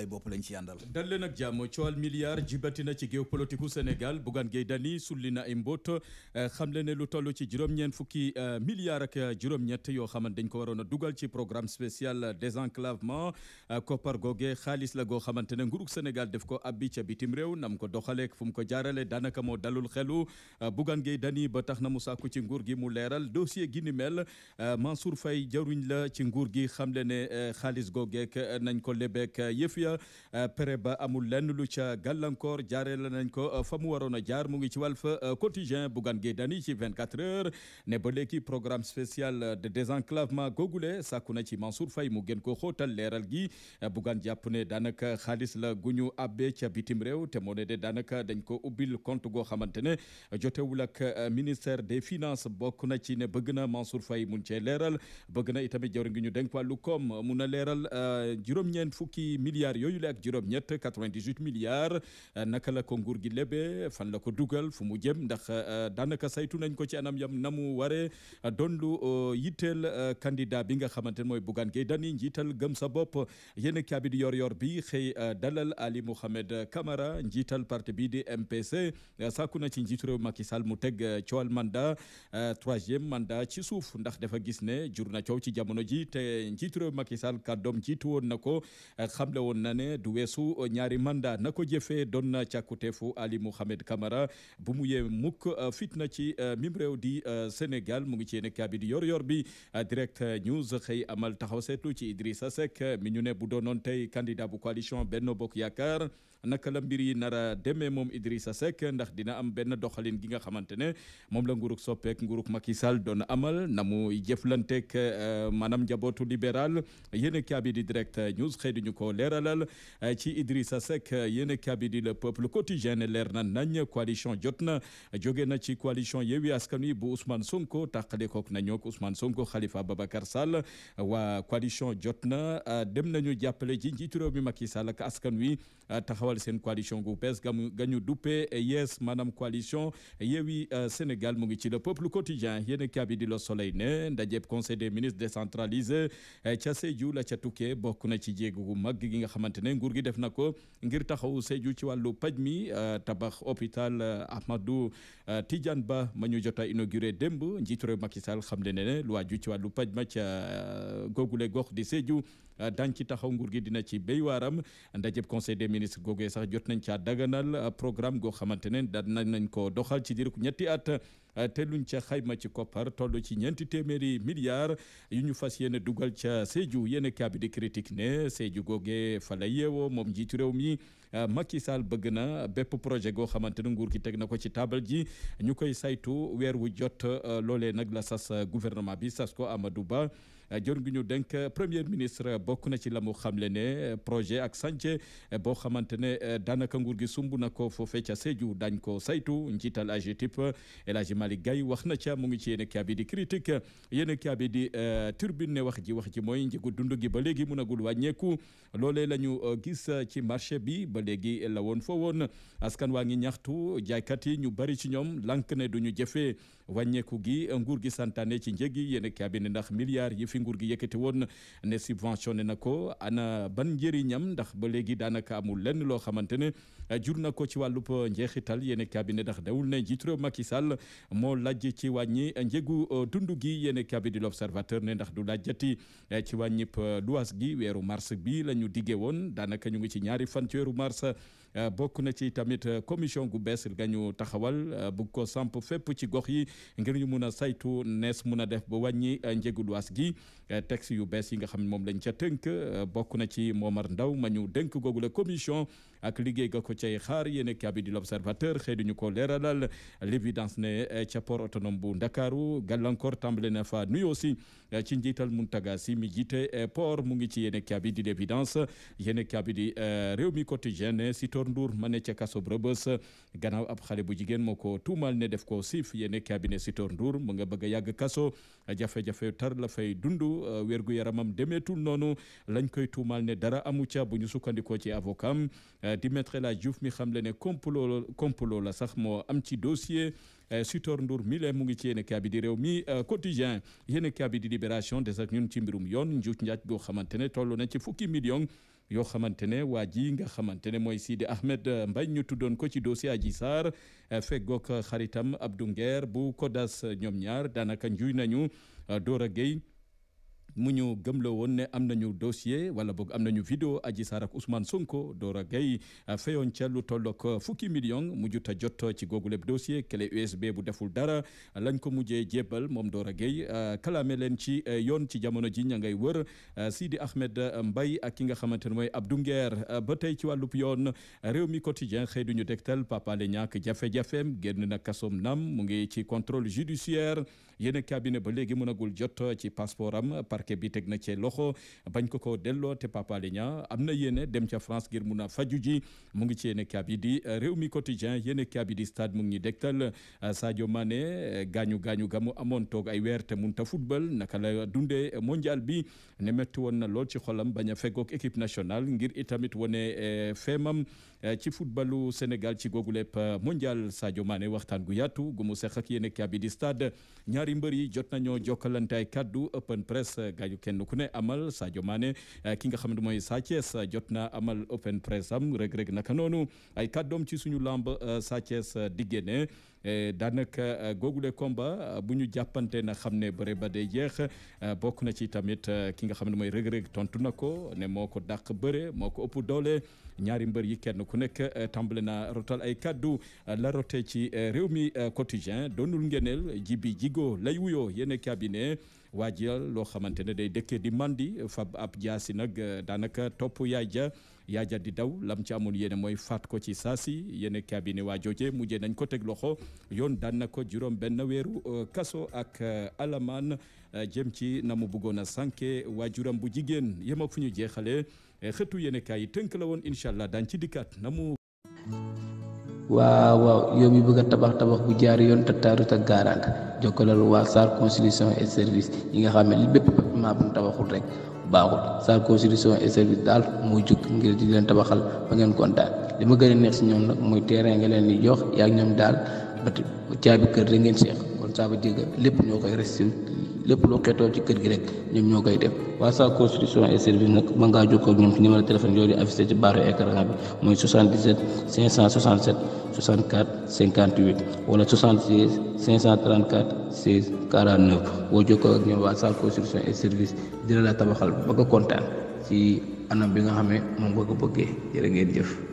yëglekaay bopp lañ ci yàndal dal leen ak jàmm coowal milliard jibati na ci géopolitique u Sénégal Bougane Gueye Dany sulli na ay eh, lu toll ci juróom-ñeent fukki eh, milliards ak juróom-ñett yoo xamante ko waroon a dugal ci programme spécial désenclavement eh, koppar googe xaalis la goo xamante ne ngurug Sénégal def ko abbi ca bitim réew nam ko doxaleek fu mu ko jaarale daanaka moo dalul xelu Bougane Gueye Dany ba tax na mu sàkku ci nguur gi mu leeral dossier gi ni mel Mansour la ci nguur gi xam le ne xaalis googeek nañ ko lebeek ca euh, pere ba amul lenn lu ca gàllankoor jaaree la nañ ko euh, fa mu waroon a jaar mu ngi ci Walf euh, Quotidien Bougane Gueye Dany ci 24 heures ne ba léegi programme spécial de désenclavement googule sàkku na ci Mansour fay mu gën ko xóotal leeral gi Bougane jàpp ne daanaka xaalis la guñu abbe ca bitim réew te moo ne de daanaka dañ ko ubbil compte goo xamante ne jotewul ak ministère des finances bokk na ci ne bëgg na Mansour Faye mun cee leeral bëgg na itamit jawriñ gi ñu dénk yooyu la ak juróom-ñett 98 milliards euh, naka la ko nguur gi lebe fan la ko dugal fu mu jëm ndax euh, daanaka saytu nañ ko ci anam yam na mu ware euh, don lu yitteel kandida bi nga xamante ne mooy Bougane Gueye Dany njiital gëm sa bopp yéen kaabidi yor yor bi xëy dalal Ali Mouhamed kamara njiital parti bi di MPC sàkku na ci njiitu réew Macky Sall mu teg coowal manda troisième manda ci suuf ndax dafa gis ne jur na coow ci jamono ji te njiitu réew Macky Sall kàddoom jiitu woon na ko xamle woon na na ne du weesu uh, ñaari mandaa na ko jëfee doon na fu Ali Mouhamed kamara bu mu yee mukk uh, fitna ci uh, mim réew di Sénégal mu ngi ci yéene kaabidi yor yor bi direct news xëy amal taxaw seetlu ci Idrissa Seck mi ñu ne bu doonoon tey candidat bu coalition Benno Bokk Yaakaar naka la mbir yi nara demee moom Idrissa sek ndax dina am benn doxalin gi nga xamante ne moom la nguruk soppeek nguruk Macky Sall doon amal na mu jëflanteek maanaam njabootu libéral yéene kaabidi direct news Sall euh, ci Idrissa Seck euh, yéen kabidi le peuple quotidien leer na nañ coalition jot na joge na ci coalition Yewwi Askan Wi bu Ousmane Sonko tàqalekook nañoo ak Ousmane Sonko Khalifa Babacar Sall wa coalition jot na euh, dem nañu jàppale ji njiitu réew mi Macky Sall ak askan wi taxawal seen coalition gu bees gamu gañu duppe yees maanaam coalition Yewwi Sénégal mu ngi ci le peuple quotidien yéen kabidi le soleil ne ndajeb conseil des ministres décentralisé ca Sédhiou la ca tukkee bokk na ci jéego gu mag gi nga xamante xamante ne nguur gi def na ko ngir taxawu seeju ci wàllu paj mi euh, tabax hôpital euh, Ahmadou euh, tiijan Ba ma ñu jota inauguré démb njiitu réew Macky Sall xam le ne lu waaju ci wàllu paj ma ca googule gox di seeju dañ ci taxaw nguur gi dina ci béy waaram ndajëb conseil des ministres googee sax jot nañ caa daganal programme goo xamante ne daal nañ ko doxal ci diiru ñetti at te luñ ca xayma ci koppar toll ci ñeenti téeméeri milliards yu ñu fas yéene dugal ca Sédhiou yéen kaabi di critique ne Sédhiou googe fa la yeewoo moom njiitu réew mi Macky Sall bëgg na bépp projet goo xamante ne nguur gi teg na ko ci table ji ñu koy saytu weer wu jot loole nag la sas gouvernement bi sas ko Amadou Ba jor gi ñu dénk premier ministre bokk na ci la mu xamle ne projet ak chantier boo xamante ne eh, daanaka nguur gi sumb na ko foofee ca Sédhiou dañ ko saytu njiital AGETIP El Hadji Malick Gaye wax na ca mu ngi ci yéen a bi di critique yéen a bi di eh, turbine ne wax ji wax ji mooy njëgu dund gi ba léegi mënagul wàññeeku loolee la ñu eh, gis ci marché bi ba léegi la woon foo askan waa ngi ñaxtu jaaykat yi ñu bari ci ñoom lank ne du ñu jëfee wàññeeku gi nguur gi santaane ci njëgi yéen a ndax milliards nguur gi yëkkati woon ne subventionné na ko ana ban njëriñam ndax ba léegi daanaka amul lenn loo xamante ne eh, jur na ko ci wàllub njeexital yéen cabinet ndax dawul ne jiitu réew Macky Sall moo lajj ci wàññi njëgu eh, dund gi yéen cabinet di l'observateur ne ndax du laajjati eh, ci wàññib luwaas gi weeru mars bi la ñu diggee woon daanaka ñu ngi ci ñaari fan ci weeru mars bokk na ci tamit commission gu bees ga ñu taxawal bu ko samp fépp ci gox yi ngir ñu mun a saytu nees mun a def ba wàññi njëgu luwaas gi Euh, texte yu bees yi nga xam moom lañ ca tënk euh, bokk na ci Momar Ndaw ma ñu dënk googu la commission ak liggéey ga ko cay xaar yéen kaabi di l'observateur xëy duñu ko leeralal l'évidence ne euh, ca port autonome bu Ndakaaru gàllankoor tàmbale na fa nuyu aussi ci njiital Muntaga Si mi jiite port mu ngi ci yéen kaabi di l'évidence yéen kaabi di réew mi quotidien Sitor Ndour ma ne ca kaso Rebeuss gannaaw ab xale bu jigéen moo ko tuumal ne def ko siif yéen kaabi si Sitor Ndour mu nga bëgg a yàgg kaso jafe-jafe tar la fay dund dund euh, wérgu yaramam demeetul noonu lañ koy tuumaal ne dara amu ca bu ñu sukkandikoo ci avocat am euh, di maître El Diouf mi xam le ne complot complot la sax moo am ci dossier euh, Sitor Ndour mi lee mu ngi ci yéen kaa bi di réew mi quotidien yéen kaa bi di libération des ak ñun ci mbirum yoon njuuj njaaj boo xamante ne toll na ci fukki million yoo xamante ne waa ji nga xamante ne mooy Sidi Ahmed Mbagne ñu tudoon ko ci dossier Adji saar feggoog xaritam Abdou Nguer bu Kodas ñoom ñaar daanaka njuuy nañu Dora Gueye mu ñu gëmloo woon ne am nañu dossier wala boog am nañu vidéo Adji Sarr ak Ousmane door a Gueye euh, fayoon ca lu tollook euh, fukki million mujjut a jot ci googu lépp dossier clé USB bu deful dara lañ ko mujjee jébbal moom door Dora Gueye euh, kalaame leen ci yoon ci jamono ji ña ngay wër Sidi Ahmed mbay ak ki nga xamante ne mooy Abdou Nguer ba tey ci wàllub yoon réew mi quotidien xëy duñu dektal Papa Alé Niang jafe-jafeem génn na kasoom nam mu ngi ci contrôle judiciaire yéen cabinet ba léegi mënagul jot ci passeport parquet bi teg na cee loxo bañ ko ko delloo te Pape Alé Niang am na yéene dem ca France ngir mun a faju ji mu ngi ci yéene kabidi réew mi quotidien yéene kabidi stade mu ngi ñuy sajo Sadio Mané gaañu gaañu gamu amoon toog ay weer te mun ta football naka la dunde mondial bi ne metti woon na lool ci xolam bañ a fegoog équipe nationale ngir itamit wone eh, feemam Eh, ci footballu Sénégal ci googu lépp eh, mondial Sadio maane waxtaan gu yaatu gu mu seq ak yéen a bi di stade ñaari mbër yi jot nañoo jokkalante ay kàddu open press eh, gaañu kenn ku ne amal Sadio maane ki nga xam ne mooy Sa jot na amal open press am rëg-rëg naka noonu ay kaddoom ci suñu lamb Sa Thiès diggéene daanaka euh, googu de combat euh, bu ñu jàppante na xam ne bëre ba day jeex euh, bokk na ci tamit ki nga xam ne mooy rëg-rëg tontu na ko ne moo ko dàq bëre moo ko ëpp doole ñaari mbër yi kenn ku nekk tàmbale na rotal ay kàddu la rote ci réew mi quotidien doonul ngeneel jibi jigo lay wuyoo yéen cabinet waajal loo xamante ne day dëkkee di mandi fab ab jaasi nag daanaka topp yaay ja yaa jaddi daw lam ci amoon yéene mooy faat ko ci saasi yéene ne waa jooje mujjee nañ ko teg loxo yoon daan na ko juróom benn weeru euh, kaso ak euh, alamaan euh, jëm ci na mu bëggoon a sànke waajuram bu jigéen yem ak fu ñu jeexale xëtu yéene kaay yi tënk la woon incha allah daan ci dikkaat na mu waaw waaw yow mi bëgg a tabax tabax bu jaar yoon te taarut ak gaaraanga jokkalal waa SAR conciliation et service yi nga xam ne li bépp bâtiment bu tabaxul rek baaxul saa constitution et service daal moo jóg ngir di leen tabaxal ba ngeen kontaan li ma gën a neex si ñoom nag mooy terrain nga leen di jox yaa ñoom daal ba caabi kër da ngeen seex kon ça veut dire lépp ñoo koy restituer lépp loo xeetoo ci kër gi rek ñoom ñoo koy def waa sa construction et service nag mën ngaa jokkoo ak ñoom ci numéro téléphone yooyu affiché ci barre écran bi mooy 77 567 64 58 wala 76 534 16 49 boo jokkoo ak ñoom waa sa construction et service dina la tabaxal ba nga kontaan ci anam bi nga xamee moom nga bëggee jërë ngeen jëf